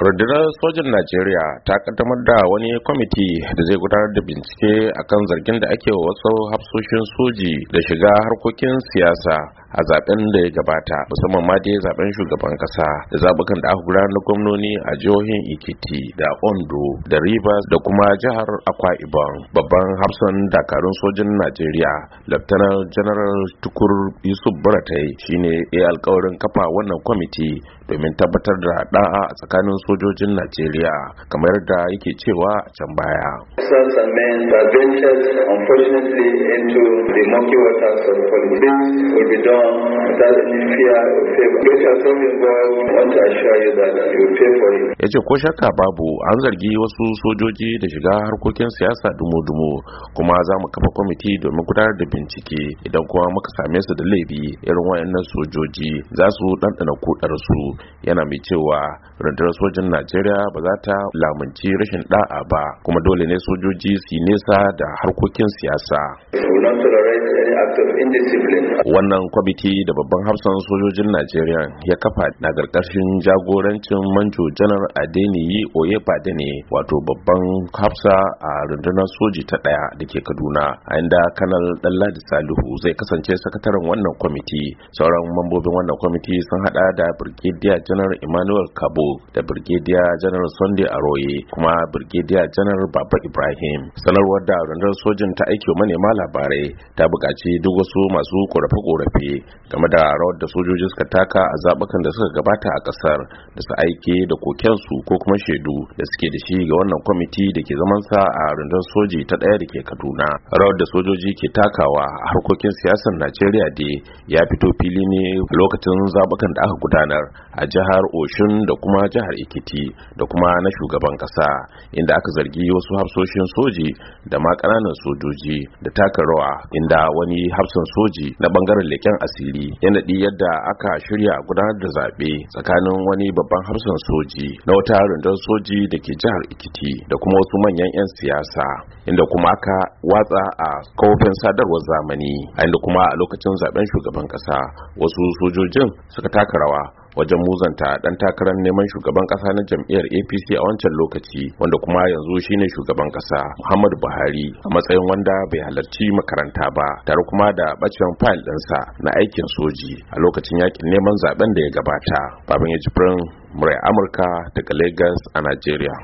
rundunar sojin najeriya ta kaddamar da wani kwamiti da zai gudanar da bincike akan zargin da ake wa wasu hafsoshin soji da shiga harkokin siyasa a zaben da ya gabata musamman ma dai zaben shugaban kasa da zabukan da aka gudanar na gwamnoni a jihohin Ikiti da Ondo da Rivers da kuma jihar Akwa Ibom babban hafsan dakarun sojin Najeriya Lieutenant General Tukur Yusuf Buratai shine ya alkawarin kafa wannan kwamiti domin tabbatar da da'a a tsakanin sojojin Najeriya kamar da yake cewa a can baya. Sons I Ya ce ko shakka babu an zargi wasu sojoji da shiga harkokin siyasa dumo-dumo kuma za mu kafa kwamiti domin gudanar da bincike idan kuma muka same su da laifi irin wayannan sojoji za su ɗanɗana kudar su yana mai cewa rundunar sojin Najeriya ba za ta lamunci rashin da'a ba kuma dole ne sojoji su yi nesa da harkokin siyasa. Wannan kwamiti kwamiti da babban hafsan sojojin najeriya ya kafa na karkashin jagorancin manjo janar adeniyi oyebade ne wato babban hafsa a rundunar soji ta daya da ke kaduna a inda kanal dalladi salihu zai kasance sakataren wannan kwamiti sauran mambobin wannan kwamiti sun hada da brigadier janar emmanuel kabo da brigadier janar sunday aroye kuma brigadier janar baba ibrahim sanarwar da rundunar sojin ta aiki manema labarai ta buƙaci duk wasu masu korafe-korafe game da rawar da sojoji suka taka a zabukan da suka gabata a kasar da su aike da kokensu ko kuma shaidu da suke da shi ga wannan kwamiti da ke zaman sa a rundun soji ta ɗaya da ke kaduna rawar da sojoji ke takawa a harkokin siyasar najeriya da ya fito fili ne lokacin zabukan da aka gudanar a jihar oshun da kuma jihar Ekiti da kuma na shugaban kasa inda aka zargi wasu hafsoshin soji da ma ƙananan sojoji da taka rawa inda wani hafsan soji na bangaren leken asiri yana ɗi yadda aka shirya gudanar da zaɓe tsakanin wani babban hafsan soji na wata rundun soji da ke jihar ikiti da kuma wasu manyan 'yan siyasa inda kuma aka watsa a kofin sadarwar zamani a inda kuma a lokacin zaɓen shugaban ƙasa wasu sojojin suka taka rawa wajen muzanta dan takarar neman shugaban kasa na jam'iyyar apc a wancan lokaci wanda kuma yanzu shine shugaban kasa muhammadu buhari a matsayin wanda bai halarci makaranta ba tare kuma da bacin fayil ɗinsa na aikin soji a lokacin yakin neman zaben da ya gabata babin ya jibrin murai amurka daga lagos a Najeriya.